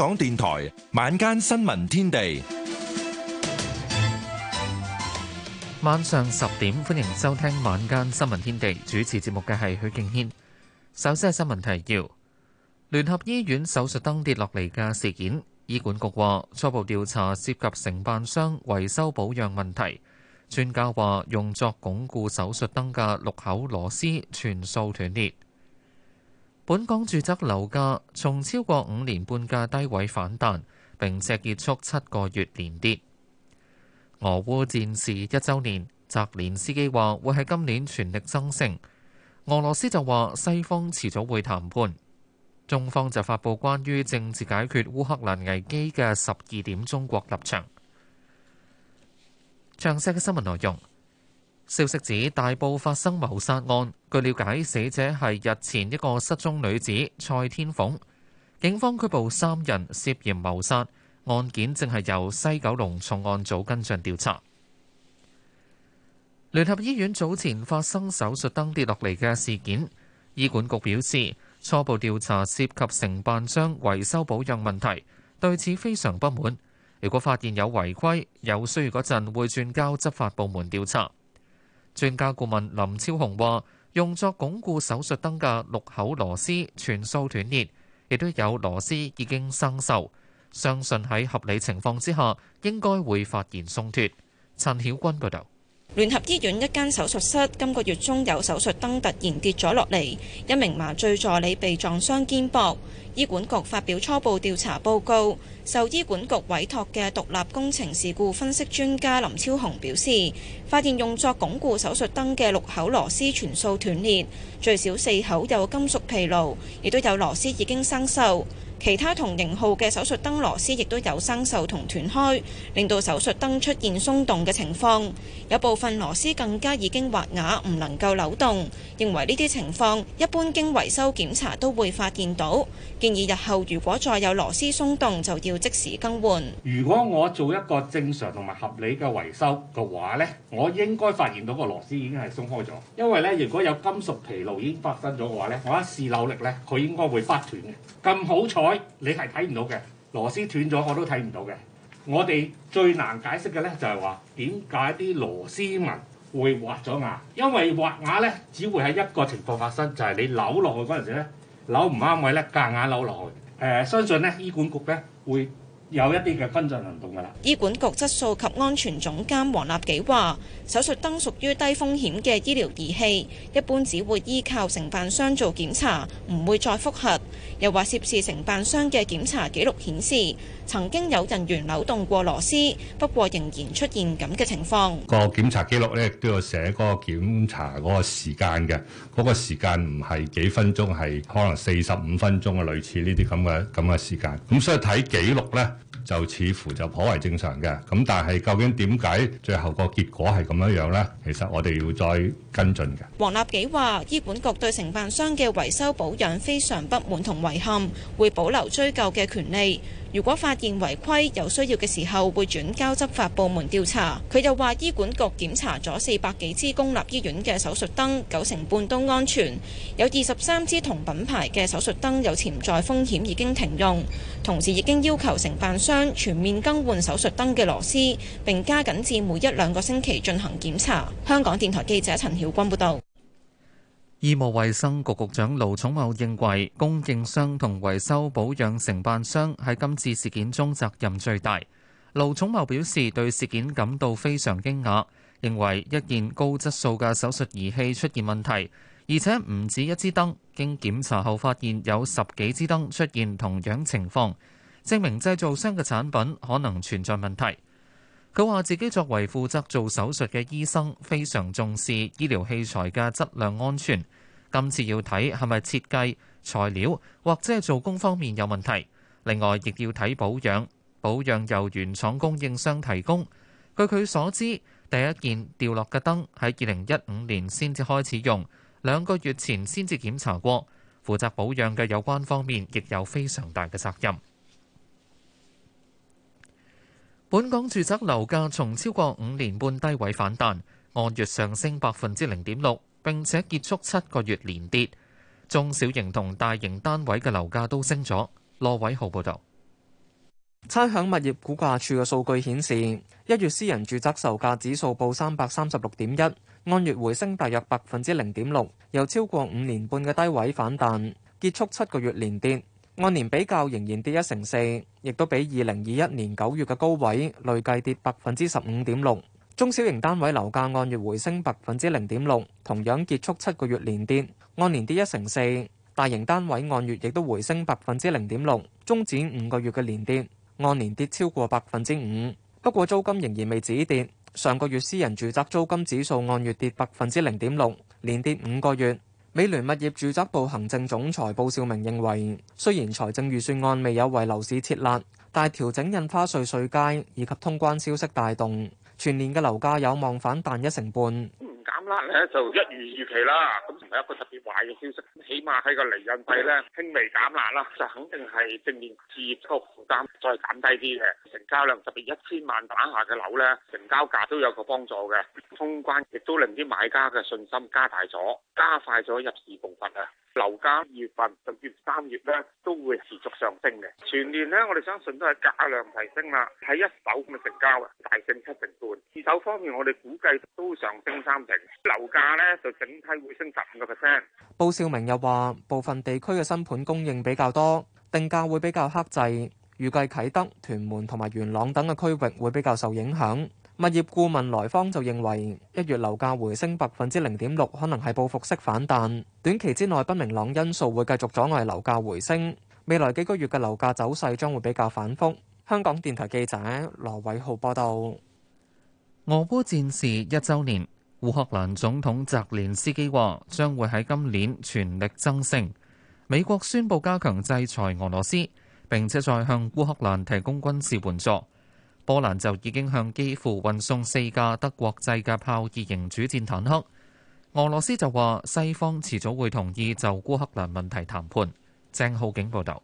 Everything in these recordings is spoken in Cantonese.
港電台晚間新聞天地，晚上十點歡迎收聽晚間新聞天地。主持節目嘅係許敬軒。首先係新聞提要：聯合醫院手術燈跌落嚟嘅事件，醫管局話初步調查涉及承辦商維修保養問題。專家話用作鞏固手術燈嘅六口螺絲全數斷裂。本港住宅樓價從超過五年半嘅低位反彈，並且結束七個月連跌。俄烏戰事一週年，澤連斯基話會喺今年全力爭勝。俄羅斯就話西方遲早會談判。中方就發布關於政治解決烏克蘭危機嘅十二點中國立場。詳細嘅新聞內容。消息指大埔發生謀殺案。據了解，死者係日前一個失蹤女子蔡天鳳。警方拘捕三人涉嫌謀殺，案件正係由西九龍重案組跟進調查。聯合醫院早前發生手術燈跌落嚟嘅事件，醫管局表示初步調查涉及承辦商維修保養問題，對此非常不滿。如果發現有違規，有需要嗰陣會轉交執法部門調查。專家顧問林超雄話：用作鞏固手術燈嘅六口螺絲全數斷裂，亦都有螺絲已經生鏽，相信喺合理情況之下應該會發現鬆脱。陳曉君報導。聯合醫院一間手術室今個月中有手術燈突然跌咗落嚟，一名麻醉助理被撞傷肩膊。醫管局發表初步調查報告，受醫管局委託嘅獨立工程事故分析專家林超雄表示，發現用作鞏固手術燈嘅六口螺絲全數斷裂，最少四口有金屬疲勞，亦都有螺絲已經生鏽。其他同型號嘅手術燈螺絲亦都有生鏽同斷開，令到手術燈出現鬆動嘅情況。有部分螺絲更加已經滑牙，唔能夠扭動。認為呢啲情況一般經維修檢查都會發現到，建議日後如果再有螺絲鬆動，就要即時更換。如果我做一個正常同埋合理嘅維修嘅話呢，我應該發現到個螺絲已經係鬆開咗，因為呢如果有金屬疲勞已經發生咗嘅話呢，我一試扭力呢，佢應該會不斷嘅。咁好彩。你係睇唔到嘅，螺絲斷咗我都睇唔到嘅。我哋最難解釋嘅咧就係話點解啲螺絲紋會滑咗牙？因為滑牙咧，只會喺一個情況發生，就係、是、你扭落去嗰陣時咧，扭唔啱位咧，夾硬扭落去。誒、呃，相信咧醫管局咧會有一啲嘅跟進行動㗎啦。醫管局質素及安全總監黃立己話，手術燈屬於低風險嘅醫療儀器，一般只會依靠承辦商做檢查，唔會再覆核。又話涉事承辦商嘅檢查記錄顯示，曾經有人員扭動過螺絲，不過仍然出現咁嘅情況。個檢查記錄咧，都要寫嗰個檢查嗰個時間嘅，嗰、嗰個時間唔係幾分鐘，係可能四十五分鐘啊類似呢啲咁嘅咁嘅時間，咁所以睇記錄咧。就似乎就頗為正常嘅，咁但係究竟點解最後個結果係咁樣樣咧？其實，我哋要再跟進嘅。黃立己話醫管局對承辦商嘅維修保養非常不滿同遺憾，會保留追究嘅權利。如果發現違規，有需要嘅時候會轉交執法部門調查。佢又話，醫管局檢查咗四百幾支公立醫院嘅手術燈，九成半都安全，有二十三支同品牌嘅手術燈有潛在風險，已經停用。同時已經要求承辦商全面更換手術燈嘅螺絲，並加緊至每一兩個星期進行檢查。香港電台記者陳曉君報導。醫務衛生局局長盧寵茂認為，供應商同維修保養承辦商喺今次事件中責任最大。盧寵茂表示，對事件感到非常驚訝，認為一件高質素嘅手術儀器出現問題，而且唔止一支燈。經檢查後發現有十幾支燈出現同樣情況，證明製造商嘅產品可能存在問題。佢話自己作為負責做手術嘅醫生，非常重視醫療器材嘅質量安全。今次要睇係咪設計材料或者係做工方面有問題，另外亦要睇保養。保養由原廠供應商提供。據佢所知，第一件掉落嘅燈喺二零一五年先至開始用，兩個月前先至檢查過。負責保養嘅有關方面亦有非常大嘅責任。本港住宅樓價從超過五年半低位反彈，按月上升百分之零點六。並且結束七個月連跌，中小型同大型單位嘅樓價都升咗。羅偉浩報導。差餉物業估價處嘅數據顯示，一月私人住宅售價指數報三百三十六點一，按月回升大約百分之零點六，由超過五年半嘅低位反彈，結束七個月連跌，按年比較仍然跌一成四，亦都比二零二一年九月嘅高位累計跌百分之十五點六。中小型單位樓價按月回升百分之零點六，同樣結束七個月連跌，按年跌一成四。大型單位按月亦都回升百分之零點六，終止五個月嘅連跌，按年跌超過百分之五。不過租金仍然未止跌，上個月私人住宅租金指數按月跌百分之零點六，連跌五個月。美聯物業住宅部行政總裁布少明認為，雖然財政預算案未有為樓市設立，但調整印花稅稅階以及通關消息帶動，全年嘅樓價有望反彈一成半。唔減壓咧，就一如預期啦，咁唔係一個特別壞嘅消息。起碼喺個厘印費咧，輕微減壓啦，就肯定係正面置業個負擔再減低啲嘅成交量，特別一千萬打下嘅樓咧，成交價都有個幫助嘅。封關亦都令啲買家嘅信心加大咗，加快咗入市步伐啊！樓價二月份甚至三月咧都會持續上升嘅。全年咧，我哋相信都係價量提升啦。喺一手咁嘅成交啊，大升七成半。二手方面，我哋估計都上升三成。樓價咧就整體會升十五個 percent。布少明又話，部分地區嘅新盤供應比較多，定價會比較克制。預計啟德、屯門同埋元朗等嘅區域會比較受影響。物業顧問萊坊就認為，一月樓價回升百分之零點六，可能係報復式反彈。短期之內不明朗因素會繼續阻礙樓價回升。未來幾個月嘅樓價走勢將會比較反覆。香港電台記者羅偉浩報道。俄烏戰事一周年，烏克蘭總統澤連斯基話，將會喺今年全力爭勝。美國宣布加強制裁俄羅斯，並且再向烏克蘭提供軍事援助。波蘭就已經向基輔運送四架德國製嘅豹二型主戰坦克。俄羅斯就話，西方遲早會同意就烏克蘭問題談判。鄭浩景報導。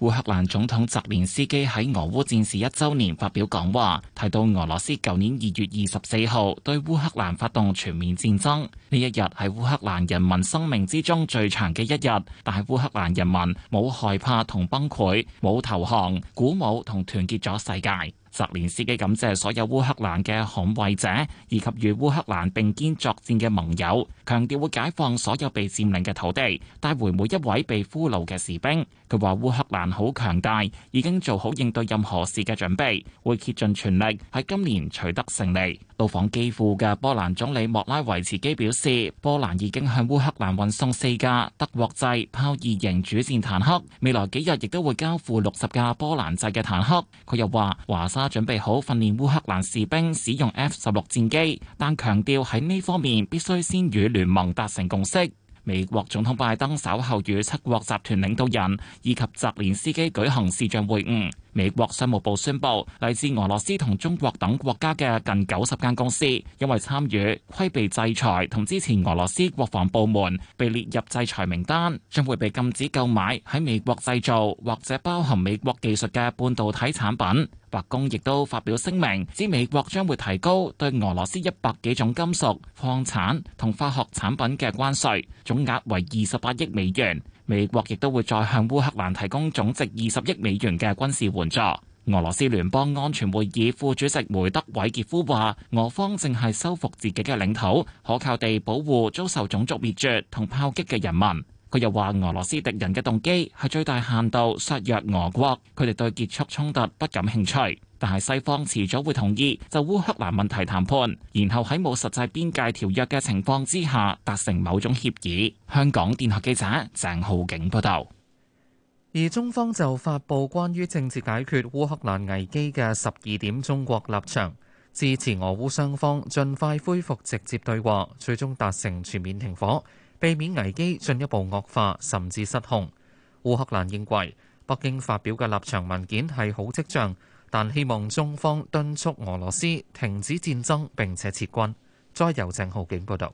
烏克蘭總統澤連斯基喺俄烏戰事一週年發表講話，提到俄羅斯舊年二月二十四號對烏克蘭發動全面戰爭。呢一日係烏克蘭人民生命之中最長嘅一日，但係烏克蘭人民冇害怕同崩潰，冇投降，鼓舞同團結咗世界。澤連斯基感謝所有烏克蘭嘅捍衛者以及與烏克蘭並肩作戰嘅盟友，強調會解放所有被佔領嘅土地，帶回每一位被俘虜嘅士兵。佢話烏克蘭好強大，已經做好應對任何事嘅準備，會竭盡全力喺今年取得勝利。到訪基輔嘅波蘭總理莫拉維茨基表示，波蘭已經向烏克蘭運送四架德國製豹二型主戰坦克，未來幾日亦都會交付六十架波蘭製嘅坦克。佢又話，華沙準備好訓練烏克蘭士兵使用 F 十六戰機，但強調喺呢方面必須先與聯盟達成共識。美國總統拜登稍後與七國集團領導人以及澤連斯基舉行視像會晤。美國商務部宣布，嚟自俄羅斯同中國等國家嘅近九十間公司，因為參與規避制裁同支持俄羅斯國防部門被列入制裁名單，將會被禁止購買喺美國製造或者包含美國技術嘅半導體產品。白宮亦都發表聲明，指美國將會提高對俄羅斯一百幾種金屬、礦產同化學產品嘅關稅，總額為二十八億美元。美國亦都會再向烏克蘭提供總值二十億美元嘅軍事援助。俄羅斯聯邦安全會議副主席梅德韋傑夫話：俄方正係收復自己嘅領土，可靠地保護遭受種族滅絕同炮擊嘅人民。佢又話：俄羅斯敵人嘅動機係最大限度削弱俄國，佢哋對結束衝突不感興趣。但係西方遲早會同意就烏克蘭問題談判，然後喺冇實際邊界條約嘅情況之下達成某種協議。香港電台記者鄭浩景報道。而中方就發布關於政治解決烏克蘭危機嘅十二點中國立場，支持俄烏雙方盡快恢復直接對話，最終達成全面停火，避免危機進一步惡化，甚至失控。烏克蘭認為北京發表嘅立場文件係好跡象。但希望中方敦促俄羅斯停止戰爭，並且撤軍。再由鄭浩景報道。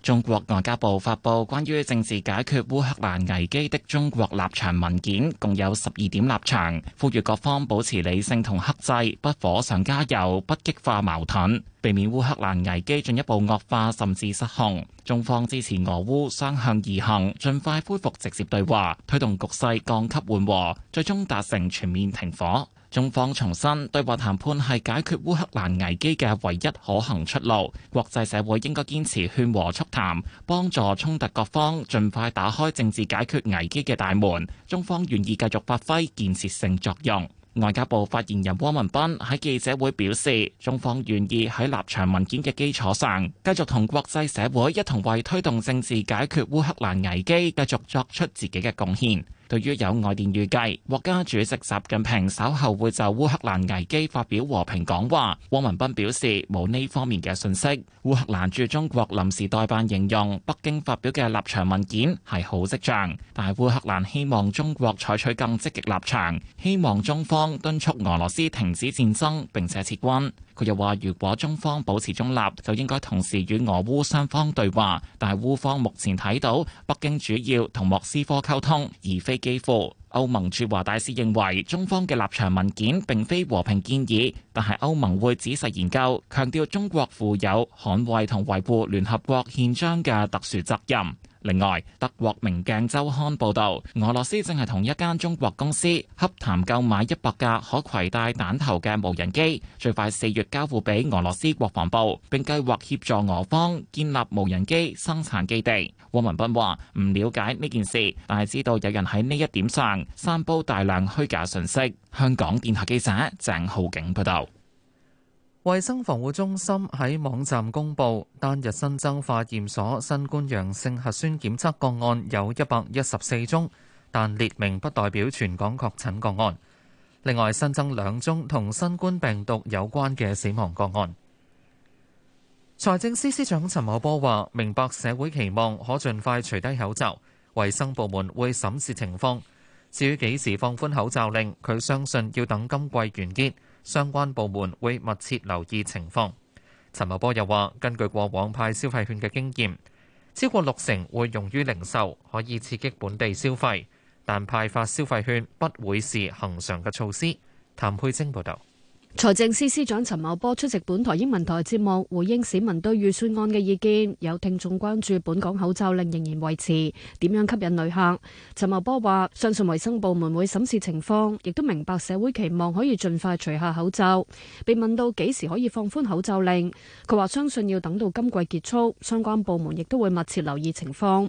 中國外交部發布關於政治解決烏克蘭危機的中國立場文件，共有十二點立場，呼籲各方保持理性同克制，不火上加油，不激化矛盾，避免烏克蘭危機進一步惡化甚至失控。中方支持俄烏相向而行，盡快恢復直接對話，推動局勢降級緩和，最終達成全面停火。中方重申，對話談判係解決烏克蘭危機嘅唯一可行出路。國際社會應該堅持勸和促談，幫助衝突各方盡快打開政治解決危機嘅大門。中方願意繼續發揮建設性作用。外交部發言人汪文斌喺記者會表示，中方願意喺立場文件嘅基礎上，繼續同國際社會一同為推動政治解決烏克蘭危機繼續作出自己嘅貢獻。對於有外電預計，國家主席習近平稍後會就烏克蘭危機發表和平講話，汪文斌表示冇呢方面嘅信息。烏克蘭駐中國臨時代辦形容北京發表嘅立場文件係好跡象，但係烏克蘭希望中國採取更積極立場，希望中方敦促俄羅斯停止戰爭並且撤軍。佢又話：如果中方保持中立，就應該同時與俄烏雙方對話。但係烏方目前睇到北京主要同莫斯科溝通，而非基輔。歐盟駐華大使認為中方嘅立場文件並非和平建議，但係歐盟會仔細研究。強調中國負有捍衛同維護聯合國憲章嘅特殊責任。另外，德國明鏡周刊報道，俄羅斯正係同一間中國公司洽談購買一百架可攜帶彈頭嘅無人機，最快四月交付俾俄羅斯國防部，並計劃協助俄方建立無人機生產基地。汪文斌話唔了解呢件事，但係知道有人喺呢一點上散佈大量虛假信息。香港電台記者鄭浩景報道。衛生防護中心喺網站公布，單日新增化驗所新冠陽性核酸檢測個案有一百一十四宗，但列明不代表全港確診個案。另外，新增兩宗同新冠病毒有關嘅死亡個案。財政司司長陳茂波話，明白社會期望，可盡快除低口罩，衛生部門會審視情況。至於幾時放寬口罩令，佢相信要等今季完結。相關部門會密切留意情況。陳茂波又話：根據過往派消費券嘅經驗，超過六成會用於零售，可以刺激本地消費，但派發消費券不會是恆常嘅措施。譚佩晶報導。財政司司長陳茂波出席本台英文台節目，回應市民對預算案嘅意見。有聽眾關注本港口罩令仍然維持，點樣吸引旅客？陳茂波話：相信衛生部門會審視情況，亦都明白社會期望可以盡快除下口罩。被問到幾時可以放寬口罩令，佢話相信要等到今季結束，相關部門亦都會密切留意情況。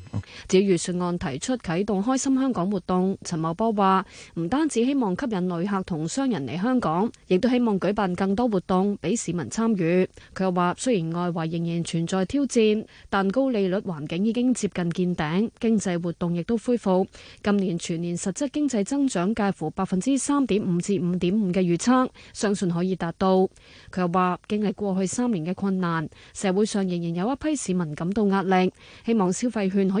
至於預算案提出啟動開心香港活動，陳茂波話唔單止希望吸引旅客同商人嚟香港，亦都希望舉辦更多活動俾市民參與。佢又話雖然外圍仍然存在挑戰，但高利率環境已經接近見頂，經濟活動亦都恢復。今年全年實質經濟增長介乎百分之三點五至五點五嘅預測，相信可以達到。佢又話經歷過去三年嘅困難，社會上仍然有一批市民感到壓力，希望消費券可以。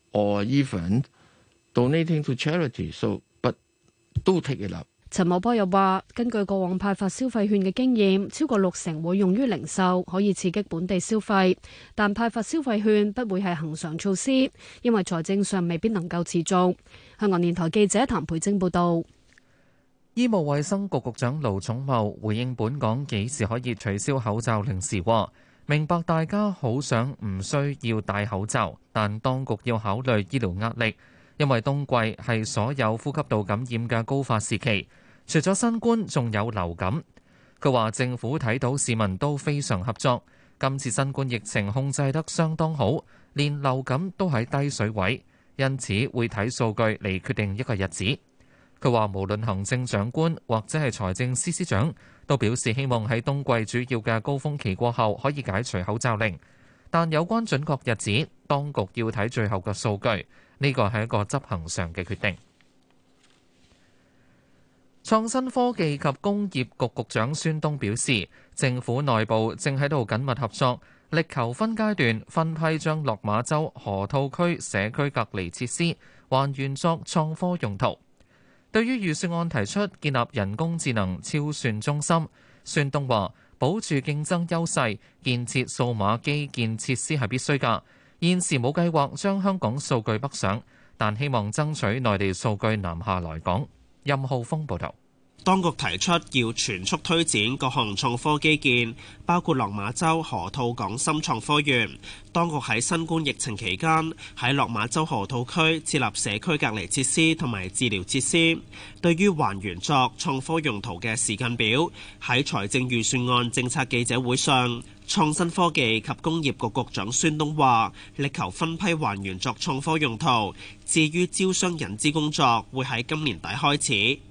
或 even donating to charity，so but do take it up。陳茂波又話：根據過往派發消費券嘅經驗，超過六成會用於零售，可以刺激本地消費。但派發消費券不會係恒常措施，因為財政上未必能夠持續。香港電台記者譚培晶報導。醫務衛生局局，局長盧寵茂回應本港幾時可以取消口罩令時話。明白大家好想唔需要戴口罩，但當局要考慮醫療壓力，因為冬季係所有呼吸道感染嘅高發時期，除咗新冠，仲有流感。佢話政府睇到市民都非常合作，今次新冠疫情控制得相當好，連流感都喺低水位，因此會睇數據嚟決定一個日子。佢話：無論行政長官或者係財政司司長，都表示希望喺冬季主要嘅高峰期過後可以解除口罩令。但有關準確日子，當局要睇最後嘅數據，呢個係一個執行上嘅決定。創新科技及工業局局長孫東表示，政府內部正喺度緊密合作，力求分階段分批將落馬洲河套區社區隔離設施還原作創科用途。對於預算案提出建立人工智能超算中心，孫東話：保住競爭優勢，建設數碼基建設施係必須㗎。現時冇計劃將香港數據北上，但希望爭取內地數據南下來港。任浩峰報導。當局提出要全速推展各項創科基建，包括落馬洲河套港深創科園。當局喺新冠疫情期間喺落馬洲河套區設立社區隔離設施同埋治療設施。對於還原作創科用途嘅時間表，喺財政預算案政策記者會上，創新科技及工業局局局長孫東話：力求分批還原作創科用途。至於招商引資工作，會喺今年底開始。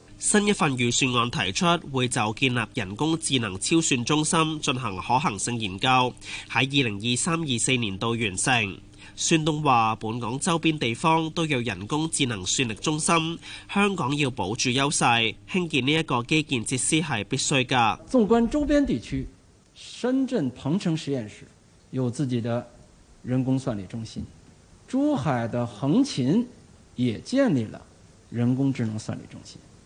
新一份預算案提出會就建立人工智能超算中心進行可行性研究，喺二零二三、二四年度完成。孫東話：本港周邊地方都有人工智能算力中心，香港要保住優勢，興建呢一個基建設施係必須㗎。縱觀周邊地區，深圳、鵬城實驗室有自己的人工算力中心，珠海的橫琴也建立了人工智能算力中心。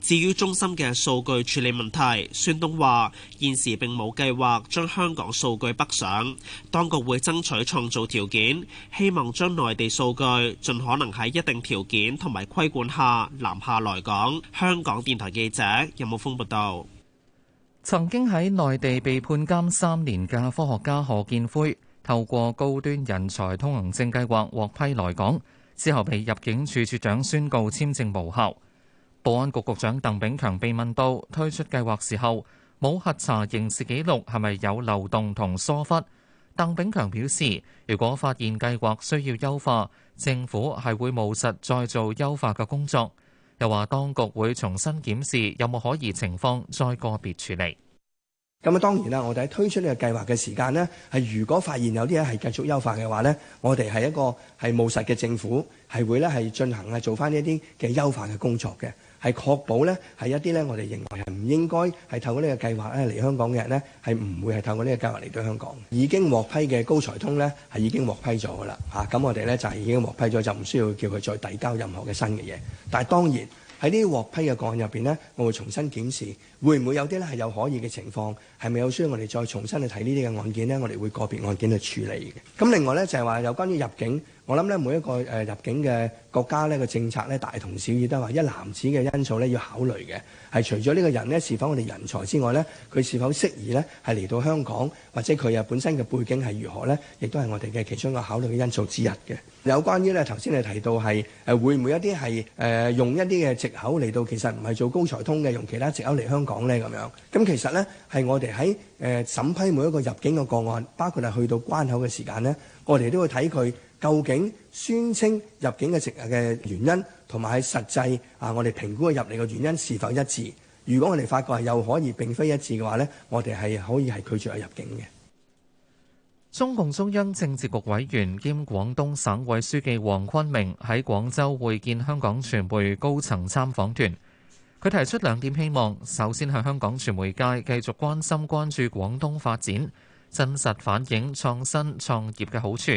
至於中心嘅數據處理問題，孫東話：現時並冇計劃將香港數據北上，當局會爭取創造條件，希望將內地數據盡可能喺一定條件同埋規管下南下來港。香港電台記者任武峰報道。曾經喺內地被判監三年嘅科學家何建輝，透過高端人才通行證計劃獲批來港，之後被入境處處長宣告簽證無效。保安局局長鄧炳強被問到推出計劃時候冇核查刑事紀錄係咪有漏洞同疏忽，鄧炳強表示：如果發現計劃需要優化，政府係會務實再做優化嘅工作。又話當局會重新檢視有冇可疑情況，再個別處理。咁啊，當然啦，我哋喺推出呢個計劃嘅時間呢，係如果發現有啲嘢係繼續優化嘅話呢，我哋係一個係務實嘅政府，係會呢係進行係做翻呢一啲嘅優化嘅工作嘅。係確保咧，係一啲咧，我哋認為係唔應該係透過呢個計劃咧嚟香港嘅人咧，係唔會係透過呢個計劃嚟到香港。已經獲批嘅高才通咧，係已經獲批咗噶啦，嚇、啊！咁我哋咧就係、是、已經獲批咗，就唔需要叫佢再遞交任何嘅新嘅嘢。但係當然喺呢啲獲批嘅個案入邊咧，我會重新檢視。會唔會有啲咧係有可疑嘅情況？係咪有需要我哋再重新去睇呢啲嘅案件呢？我哋會個別案件去處理嘅。咁另外咧就係、是、話有關於入境，我諗咧每一個誒、呃、入境嘅國家呢，個政策咧大同小異，都係話一男子嘅因素咧要考慮嘅。係除咗呢個人呢是否我哋人才之外咧，佢是否適宜呢？係嚟到香港或者佢啊本身嘅背景係如何咧，亦都係我哋嘅其中一個考慮嘅因素之一嘅。有關於咧頭先你提到係誒會唔會一啲係誒用一啲嘅藉口嚟到，其實唔係做高才通嘅，用其他藉口嚟香港。講咧咁樣，咁其實呢，係我哋喺誒審批每一個入境嘅個案，包括係去到關口嘅時間呢，我哋都會睇佢究竟宣稱入境嘅籍嘅原因，同埋喺實際啊，我哋評估嘅入嚟嘅原因是否一致。如果我哋發覺係又可以並非一致嘅話呢，我哋係可以係拒絕佢入境嘅。中共中央政治局委員兼廣東省委書記黃坤明喺廣州會見香港傳媒高層參訪團。佢提出兩點希望，首先向香港傳媒界繼續關心關注廣東發展，真實反映創新創業嘅好處，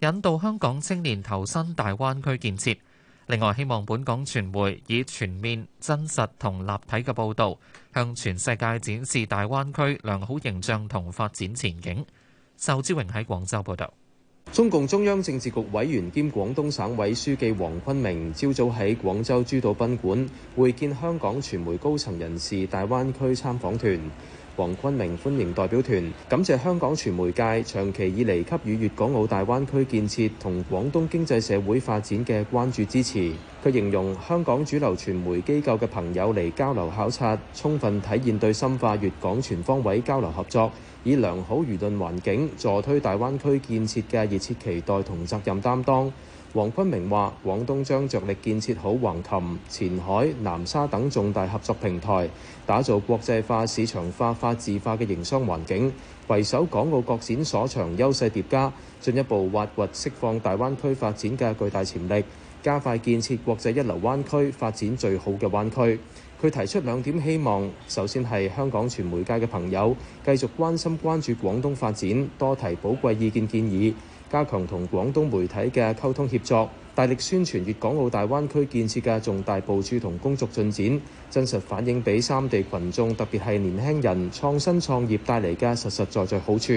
引導香港青年投身大灣區建設。另外，希望本港傳媒以全面、真實同立體嘅報導，向全世界展示大灣區良好形象同發展前景。仇志榮喺廣州報道。中共中央政治局委員兼廣東省委書記黃坤明朝早喺廣州珠島賓館會見香港傳媒高層人士大灣區參訪團。黃坤明歡迎代表團，感謝香港傳媒界長期以嚟給予粵港澳大灣區建設同廣東經濟社會發展嘅關注支持。佢形容香港主流傳媒機構嘅朋友嚟交流考察，充分體現對深化粵港全方位交流合作，以良好輿論環境助推大灣區建設嘅熱切期待同責任擔當，黃坤明話：廣東將著力建設好橫琴、前海、南沙等重大合作平台，打造國際化、市場化、法治化嘅營商環境，攜手港澳各展所長、優勢疊加，進一步挖掘釋放大灣區發展嘅巨大潛力，加快建設國際一流灣區，發展最好嘅灣區。佢提出兩點希望，首先係香港傳媒界嘅朋友繼續關心關注廣東發展，多提寶貴意見建議，加強同廣東媒體嘅溝通協作，大力宣傳粵港澳大灣區建設嘅重大部署同工作進展，真實反映俾三地群眾，特別係年輕人創新創業帶嚟嘅實實在在好處，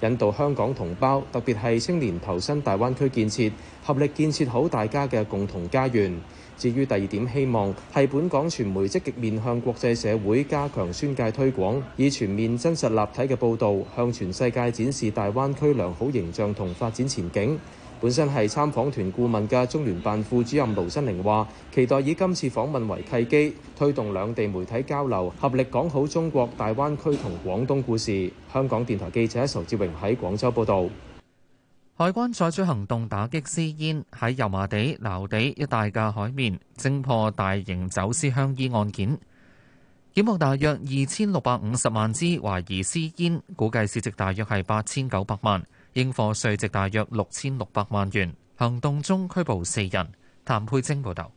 引導香港同胞，特別係青年投身大灣區建設，合力建設好大家嘅共同家園。至於第二點，希望係本港傳媒積極面向國際社會，加強宣介推廣，以全面真實立體嘅報導，向全世界展示大灣區良好形象同發展前景。本身係參訪團顧問嘅中聯辦副主任盧新寧話，期待以今次訪問為契機，推動兩地媒體交流，合力講好中國大灣區同廣東故事。香港電台記者仇志榮喺廣州報道。海關採取行動打擊私煙，喺油麻地、牛地一帶嘅海面偵破大型走私香煙案件，檢獲大約二千六百五十萬支懷疑私煙，估計市值大約係八千九百萬，應課稅值大約六千六百萬元。行動中拘捕四人。譚佩晶報道。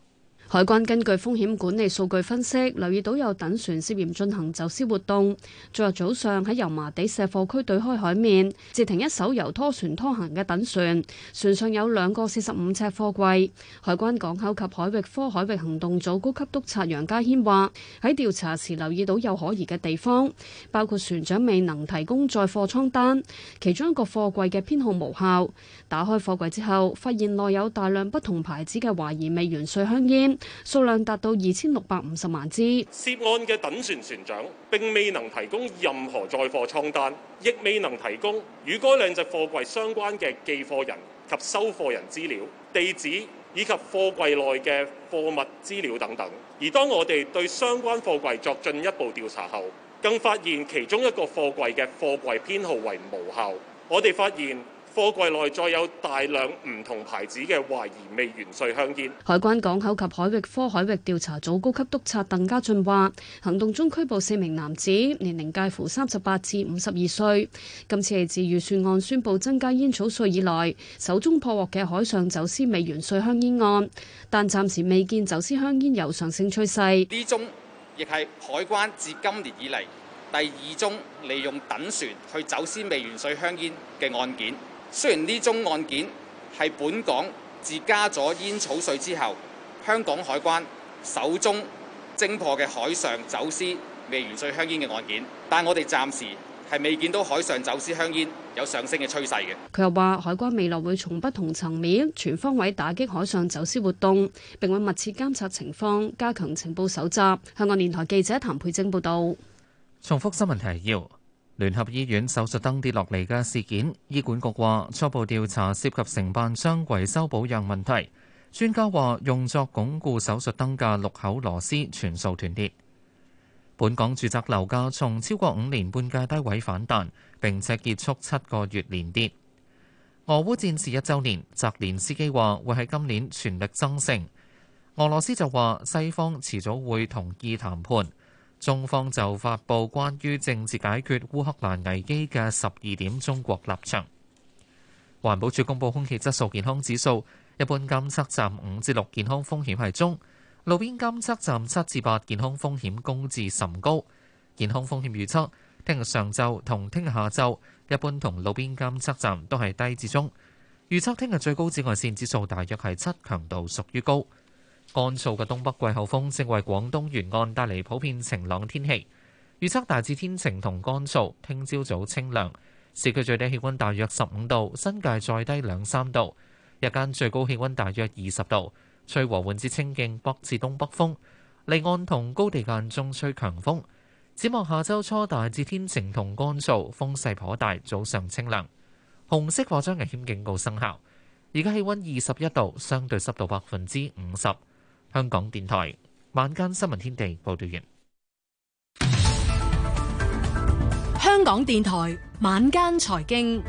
海關根據風險管理數據分析，留意到有等船涉嫌進行走私活動。昨日早上喺油麻地卸貨區對開海面截停一艘由拖船拖行嘅等船，船上有兩個四十五尺貨櫃。海關港口及海域科海域行動組高級督，督察楊家軒話：喺調查時留意到有可疑嘅地方，包括船長未能提供載貨倉單，其中一個貨櫃嘅編號無效。打開貨櫃之後，發現內有大量不同牌子嘅懷疑未完稅香煙。數量達到二千六百五十萬支。涉案嘅等船船長，並未能提供任何載貨倉單，亦未能提供與該兩隻貨櫃相關嘅寄貨人及收貨人資料、地址以及貨櫃內嘅貨物資料等等。而當我哋對相關貨櫃作進一步調查後，更發現其中一個貨櫃嘅貨櫃編號為無效。我哋發現。貨櫃內再有大量唔同牌子嘅懷疑未完稅香煙。海關港口及海域科海域調查組高級督察鄧家俊話，行動中拘捕四名男子，年齡介乎三十八至五十二歲。今次係自預算案宣布增加煙草稅以來，首宗破獲嘅海上走私未完稅香煙案，但暫時未見走私香煙有上升趨勢。呢宗亦係海關自今年以嚟第二宗利用躉船去走私未完稅香煙嘅案件。雖然呢宗案件係本港自加咗煙草稅之後，香港海關首宗偵破嘅海上走私未完稅香煙嘅案件，但我哋暫時係未見到海上走私香煙有上升嘅趨勢嘅。佢又話，海關未來會從不同層面、全方位打擊海上走私活動，並會密切監察情況，加強情報搜集。香港電台記者譚佩晶報道：「重複新聞提要。聯合醫院手術燈跌落嚟嘅事件，醫管局話初步調查涉及承辦商維修保養問題。專家話用作鞏固手術燈嘅六口螺絲全數斷裂。本港住宅樓價從超過五年半嘅低位反彈，並且結束七個月連跌。俄烏戰事一周年，澤連斯基話會喺今年全力爭勝。俄羅斯就話西方遲早會同意談判。中方就發布關於政治解決烏克蘭危機嘅十二點中國立場。環保署公布空氣質素健康指數，一般監測站五至六，健康風險係中；路邊監測站七至八，健康風險高至甚高。健康風險預測，聽日上晝同聽日下晝，一般同路邊監測站都係低至中。預測聽日最高紫外線指數大約係七，強度屬於高。乾燥嘅東北季候風正為廣東沿岸帶嚟普遍晴朗天氣，預測大致天晴同乾燥，聽朝早早清涼，市區最低氣溫大約十五度，新界再低兩三度，日間最高氣溫大約二十度，吹和緩至清勁北至東北風，離岸同高地間中吹強風。展望下周初大致天晴同乾燥，風勢頗大，早上清涼，紅色火災危險警告生效。而家氣溫二十一度，相對濕度百分之五十。香港電台晚間新聞天地報道員。香港電台晚間財經，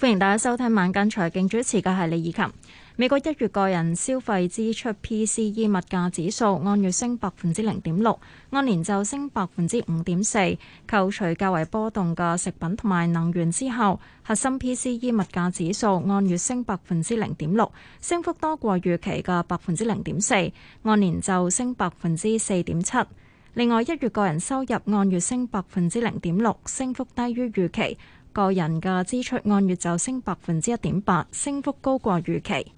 歡迎大家收聽晚間財經，主持嘅係李綺琴。美國一月個人消費支出 PCE 物價指數按月升百分之零點六，按年就升百分之五點四。扣除較為波動嘅食品同埋能源之後，核心 PCE 物價指數按月升百分之零點六，升幅多過預期嘅百分之零點四，按年就升百分之四點七。另外，一月個人收入按月升百分之零點六，升幅低於預期。個人嘅支出按月就升百分之一點八，升幅高過預期。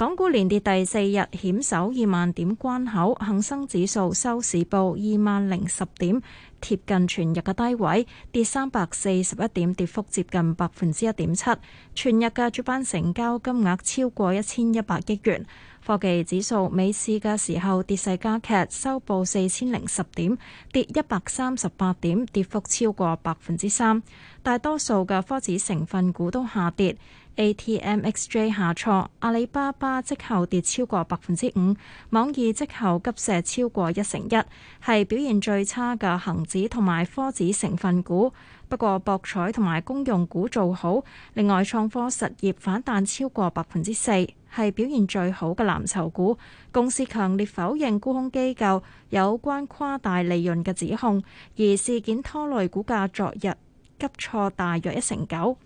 港股連跌第四日，險守二萬點關口。恒生指數收市報二萬零十點，貼近全日嘅低位，跌三百四十一點，跌幅接近百分之一點七。全日嘅主板成交金額超過一千一百億元。科技指數尾市嘅時候跌勢加劇，收報四千零十點，跌一百三十八點，跌幅超過百分之三。大多數嘅科指成分股都下跌。A.T.M.X.J. 下挫，阿里巴巴績後跌超過百分之五，網易績後急瀉超過一成一，係表現最差嘅恒指同埋科指成分股。不過博彩同埋公用股做好，另外創科實業反彈超過百分之四，係表現最好嘅藍籌股。公司強烈否認沽空機構有關誇大利潤嘅指控，而事件拖累股價，昨日急挫大約一成九。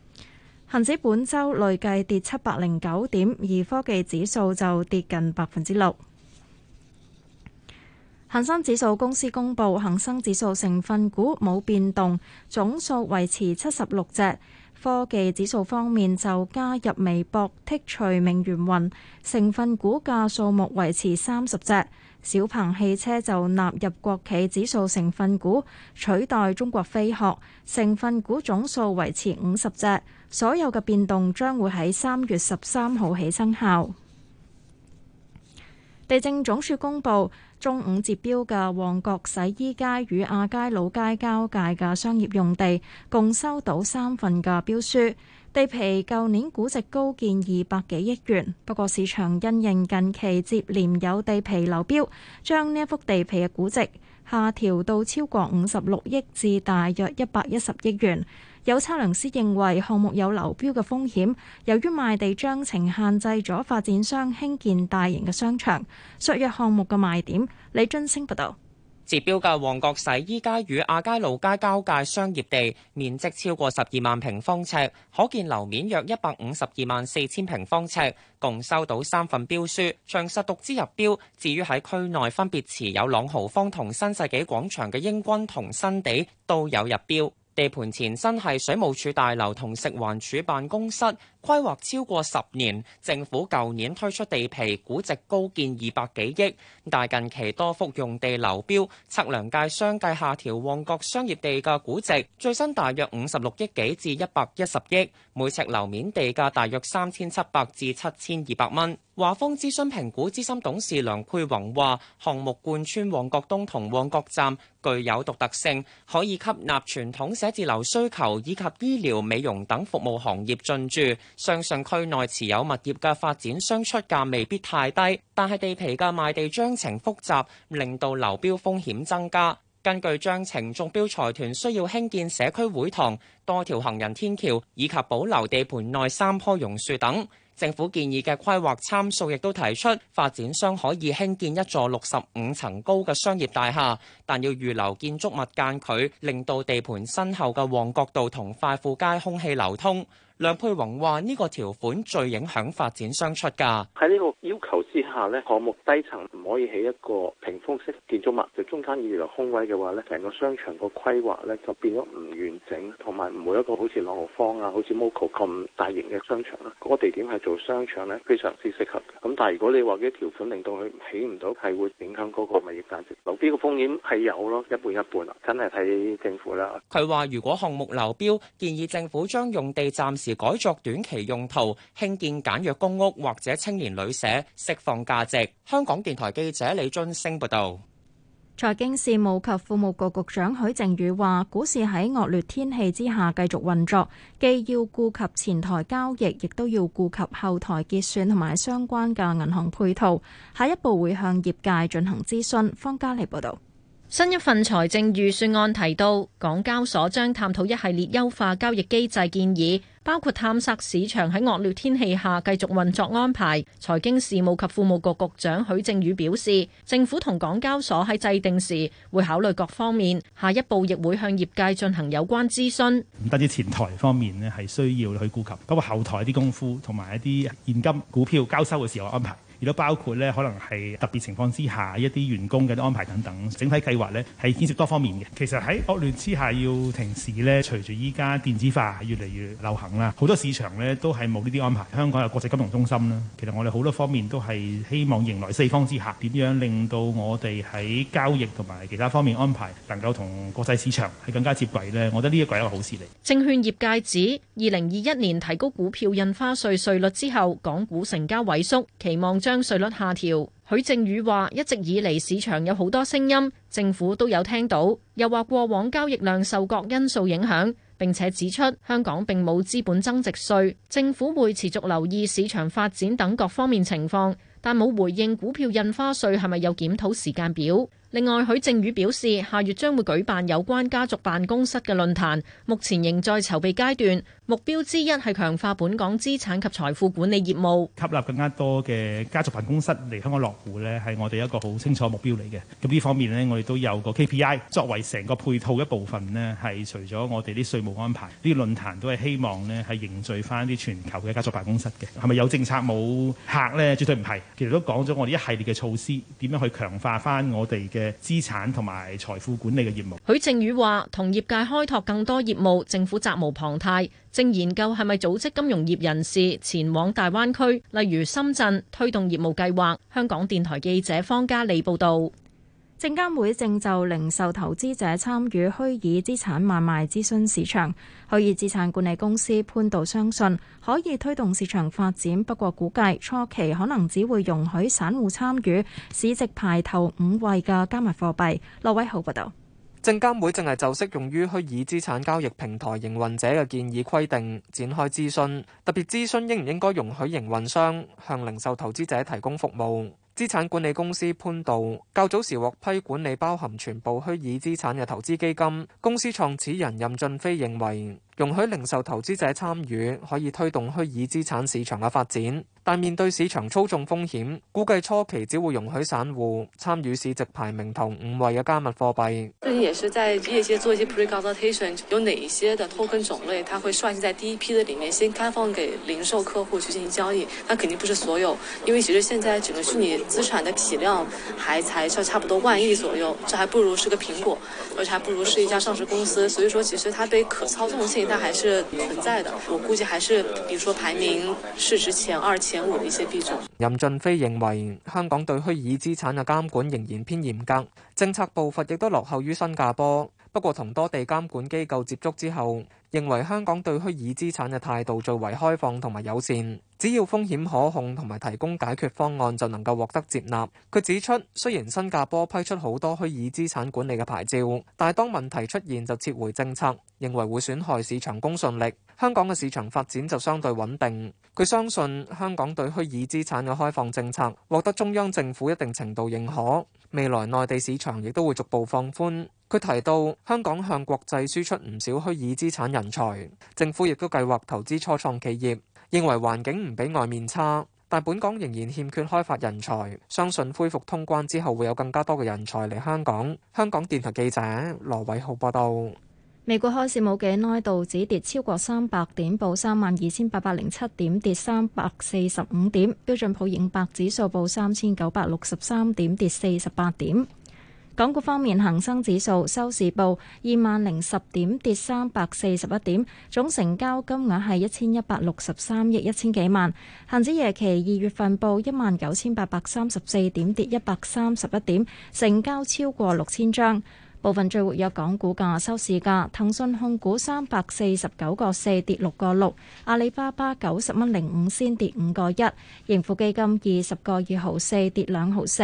恒指本周累計跌七百零九點，而科技指數就跌近百分之六。恒生指數公司公布，恒生指數成分股冇變動，總數維持七十六隻。科技指數方面就加入微博，剔除明源雲，成分股價數目維持三十隻。小鵬汽車就納入國企指數成分股，取代中國飛鶴，成分股總數維持五十隻。所有嘅變動將會喺三月十三號起生效。地政總署公佈。中午截標嘅旺角洗衣街與亞皆老街交界嘅商業用地，共收到三份嘅標書。地皮舊年估值高見二百幾億元，不過市場因應近期接連有地皮流標，將呢一幅地皮嘅估值下調到超過五十六億至大約一百一十億元。有測量師認為項目有流標嘅風險，由於賣地章程限制咗發展商興建大型嘅商場，削弱項目嘅賣點。李津升報道，截標嘅旺角洗衣街與亞皆老街交界商業地，面積超過十二萬平方尺，可見樓面約一百五十二萬四千平方尺，共收到三份標書，長實獨資入標。至於喺區內分別持有朗豪坊同新世紀廣場嘅鷹君同新地，都有入標。地盤前身係水務署大樓同食環署辦公室。規劃超過十年，政府舊年推出地皮，估值高見二百幾億。但近期多幅用地流標，測量界商界下調旺角商業地價估值，最新大約五十六億幾至一百一十億，每尺樓面地價大約三千七百至七千二百蚊。華豐諮詢評估資深董事梁佩榮話：項目貫穿旺角東同旺角站，具有獨特性，可以吸納傳統寫字樓需求以及醫療、美容等服務行業進駐。相信區內持有物業嘅發展商出價未必太低，但係地皮嘅賣地章程複雜，令到流標風險增加。根據章程，中標財團需要興建社區會堂、多條行人天橋以及保留地盤內三棵榕樹等。政府建議嘅規劃參數亦都提出，發展商可以興建一座六十五層高嘅商業大廈，但要預留建築物間距，令到地盤身後嘅旺角道同快富街空氣流通。梁佩榮話呢個條款最影響發展商出價，喺呢個要求先。下項目低層唔可以起一個屏風式建築物，就中間要有空位嘅話咧，成個商場個規劃咧就變咗唔完整，同埋唔會一個好似朗豪坊啊、好似 Moco 咁大型嘅商場啦。嗰個地點係做商場咧，非常之適合。咁但係如果你話嘅條款令到佢起唔到，係會影響嗰個物業價值。流標嘅風險係有咯，一半一半啊，真係睇政府啦。佢話如果項目流標，建議政府將用地暫時改作短期用途，興建簡約公屋或者青年旅社釋放。價值。香港電台記者李俊升報道。財經事務及庫務局局長許正宇話，股市喺惡劣天氣之下繼續運作，既要顧及前台交易，亦都要顧及後台結算同埋相關嘅銀行配套。下一步會向業界進行諮詢。方家莉報道。新一份財政預算案提到，港交所將探討一系列優化交易機制建議，包括探索市場喺惡劣天氣下繼續運作安排。財經事務及庫務局局長許正宇表示，政府同港交所喺制定時會考慮各方面，下一步亦會向業界進行有關諮詢。唔單止前台方面咧，係需要去顧及，包括後台啲功夫同埋一啲現金股票交收嘅時候安排。亦都包括咧，可能係特別情況之下，一啲員工嘅安排等等，整體計劃咧係牽涉多方面嘅。其實喺惡劣之下要停市咧，隨住依家電子化越嚟越流行啦，好多市場咧都係冇呢啲安排。香港有國際金融中心啦，其實我哋好多方面都係希望迎來四方之下，點樣令到我哋喺交易同埋其他方面安排能夠同國際市場係更加接軌咧。我覺得呢一個係一個好事嚟。證券業界指，二零二一年提高股票印花稅稅率之後，港股成交萎縮，期望將。將稅率下調，許正宇話一直以嚟市場有好多聲音，政府都有聽到，又話過往交易量受各因素影響，並且指出香港並冇資本增值稅，政府會持續留意市場發展等各方面情況，但冇回應股票印花稅係咪有檢討時間表。另外，許正宇表示，下月將會舉辦有關家族辦公室嘅論壇，目前仍在籌備階段。目標之一係強化本港資產及財富管理業務，吸納更加多嘅家族辦公室嚟香港落戶呢，係我哋一個好清楚目標嚟嘅。咁呢方面呢，我哋都有個 KPI 作為成個配套一部分呢，係除咗我哋啲稅務安排，呢個論壇都係希望呢係凝聚翻啲全球嘅家族辦公室嘅。係咪有政策冇客呢？絕對唔係。其實都講咗我哋一系列嘅措施，點樣去強化翻我哋嘅。資產同埋財富管理嘅業務，許正宇話，同業界開拓更多業務，政府責無旁貸，正研究係咪組織金融業人士前往大灣區，例如深圳，推動業務計劃。香港電台記者方嘉莉報道。證監會正就零售投資者參與虛擬資產買賣諮詢市場，虛擬資產管理公司潘道相信可以推動市場發展，不過估計初期可能只會容許散戶參與市值排頭五位嘅加密貨幣，羅威浩報道。證監會正係就適用於虛擬資產交易平台營運者嘅建議規定展開諮詢，特別諮詢應唔應該容許營運商向零售投資者提供服務。資產管理公司潘道較早時獲批管理包含全部虛擬資產嘅投資基金。公司創始人任俊飛認為，容許零售投資者參與，可以推動虛擬資產市場嘅發展，但面對市場操縱風險，估計初期只會容許散戶參與市值排名同五位嘅加密貨幣。最近也是在業界做一些 pre consultation，有哪一些的 token 種類，它會率先在第一批的裡面先開放給零售客戶去進行交易。那肯定不是所有，因為其實現在整個虛擬資產的體量還才差差不多萬億左右，這還不如是一個蘋果，而且還不如是一家上市公司。所以說，其實它被可操縱性，但係還是存在的，我估計還是，比如說排名市值前二、前五的一些幣種。任俊飛認為，香港對虛擬資產嘅監管仍然偏嚴格。政策步伐亦都落後於新加坡，不過同多地監管機構接觸之後認為香港對虛擬資產嘅態度最為開放同埋友善，只要風險可控同埋提供解決方案，就能夠獲得接納，佢指出，雖然新加坡批出好多虛擬資產管理嘅牌照，但係當問題出現就撤回政策，認為會損害市場公信力。香港嘅市場發展就相對穩定。佢相信香港對虛擬資產嘅開放政策獲得中央政府一定程度認可。未來內地市場亦都會逐步放寬。佢提到，香港向國際輸出唔少虛擬資產人才，政府亦都計劃投資初創企業，認為環境唔比外面差，但本港仍然欠缺開發人才，相信恢復通關之後會有更加多嘅人才嚟香港。香港電台記者羅偉浩報道。美國開市冇幾耐，道指跌超過三百點，報三萬二千八百零七點，跌三百四十五點。標準普爾五百指數報三千九百六十三點，跌四十八點。港股方面，恒生指數收市報二萬零十點，跌三百四十一點，總成交金額係一千一百六十三億一千幾萬。恆指夜期二月份報一萬九千八百三十四點，跌一百三十一點，成交超過六千張。部分最活躍港股價收市價，騰訊控股三百四十九個四跌六個六，阿里巴巴九十蚊零五仙跌五個一，盈富基金二十個二毫四跌兩毫四，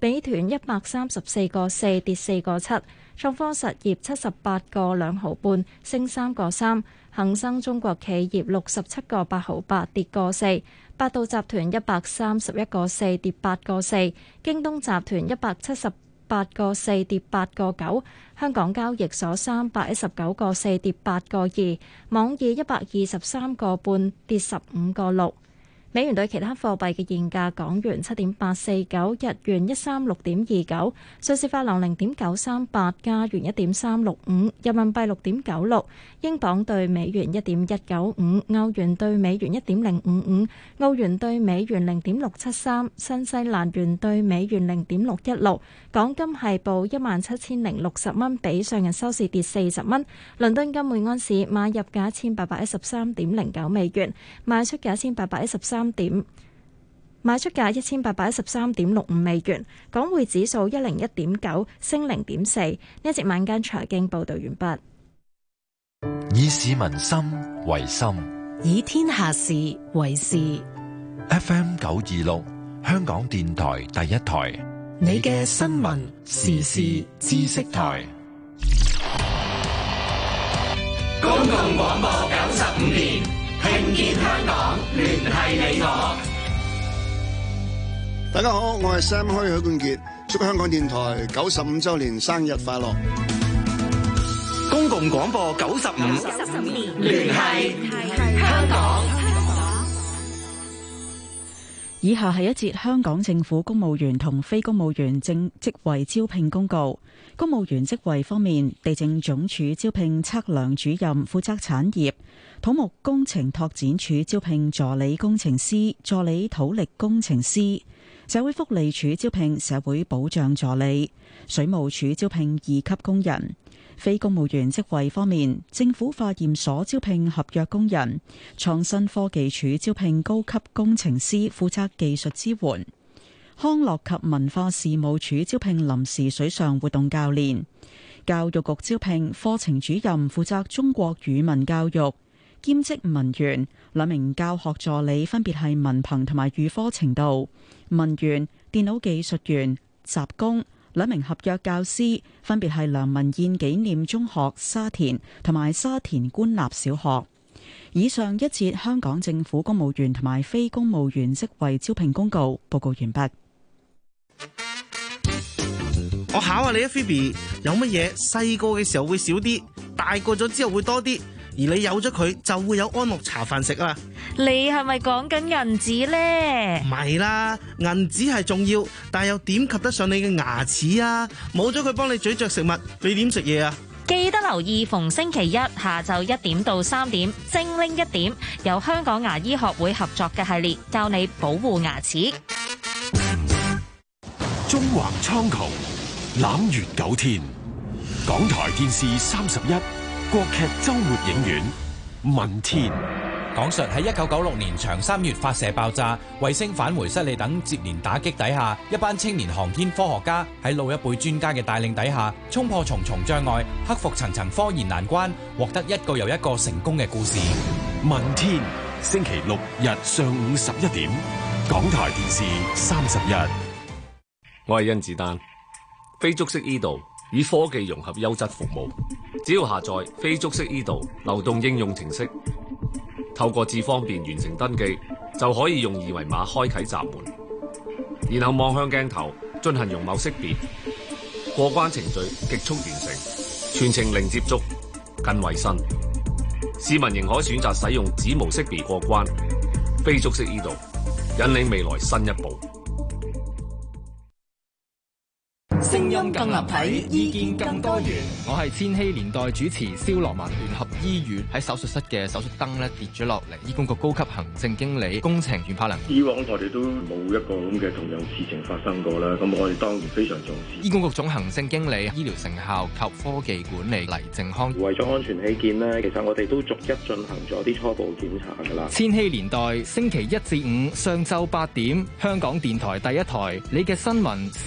美團一百三十四個四跌四個七，創科實業七十八個兩毫半升三個三，恒生中國企業六十七個八毫八跌個四，百度集團一百三十一個四跌八個四，京東集團一百七十。八個四跌八個九，香港交易所三百一十九個四跌八個二，網易一百二十三個半跌十五個六。美元對其他貨幣嘅現價：港元七點八四九，日元一三六點二九，瑞士法郎零點九三八，加元一點三六五，人民幣六點九六，英鎊對美元一點一九五，歐元對美元一點零五五，澳元對美元零點六七三，新西蘭元對美元零點六一六。港金係報一萬七千零六十蚊，比上日收市跌四十蚊。倫敦金每安士買入價一千八百一十三點零九美元，賣出價一千八百一十三。點，賣出價一千八百一十三點六五美元，港匯指數一零一點九，升零點四。呢一節晚間財經報道完畢。以市民心為心，以天下事為事。FM 九二六，香港電台第一台，你嘅新聞時事知識台，公共廣播九十五年。聽見香港，聯繫你我。大家好，我係 Sam 許冠傑，祝香港電台九十五周年生日快樂！公共廣播九十五年，聯繫香港。以下係一節香港政府公務員同非公務員正職位招聘公告。公務員職位方面，地政總署招聘測量主任，負責產業。土木工程拓展署招聘助理工程師、助理土力工程師；社會福利署招聘社會保障助理；水務署招聘二級工人。非公務員職位方面，政府化驗所招聘合約工人；創新科技署招聘高級工程師，負責技術支援；康樂及文化事務署招聘臨時水上活動教練；教育局招聘課程主任，負責中國語文教育。兼職文員兩名，教學助理分別係文憑同埋預科程度文員、電腦技術員、雜工兩名合約教師分別係梁文燕紀念中學沙田同埋沙田官立小學。以上一節香港政府公務員同埋非公務員職位招聘公告報告完畢。我考下、啊、你啊，Phoebe，有乜嘢？細個嘅時候會少啲，大個咗之後會多啲。而你有咗佢，就會有安樂茶飯食啊。你係咪講緊銀紙呢？唔係啦，銀紙係重要，但又點及得上你嘅牙齒啊？冇咗佢幫你咀嚼食物，你點食嘢啊？記得留意逢星期一下晝一點到三點，精靈一點，由香港牙醫學會合作嘅系列，教你保護牙齒。中華蒼穹攬月九天，港台電視三十一。國劇周末影院《問天》講述喺一九九六年長三月發射爆炸、衛星返回失利等接連打擊底下，一班青年航天科學家喺老一輩專家嘅帶領底下，衝破重重障礙，克服層層科研難關，獲得一個又一個成功嘅故事。《問天》星期六日上午十一點，港台電視三十一。我係甄子丹，非足色呢度。以科技融合優質服務，只要下載非觸式 e 道流動應用程式，透過智方便完成登記，就可以用二維碼開啟閘門，然後望向鏡頭進行容貌識別，過關程序極速完成，全程零接觸、更衛生。市民仍可選擇使用指模識別過關。非觸式 e 道引領未來新一步。聲音更立體，意見更多元。我係千禧年代主持蕭樂文。聯合醫院喺手術室嘅手術燈咧跌咗落嚟。醫管局高級行政經理工程袁柏能，以往我哋都冇一個咁嘅同樣事情發生過啦。咁我哋當然非常重視。醫管局總行政經理醫療成效及科技管理黎靜康，為咗安全起見咧，其實我哋都逐一進行咗啲初步檢查噶啦。千禧年代星期一至五上晝八點，香港電台第一台，你嘅新聞。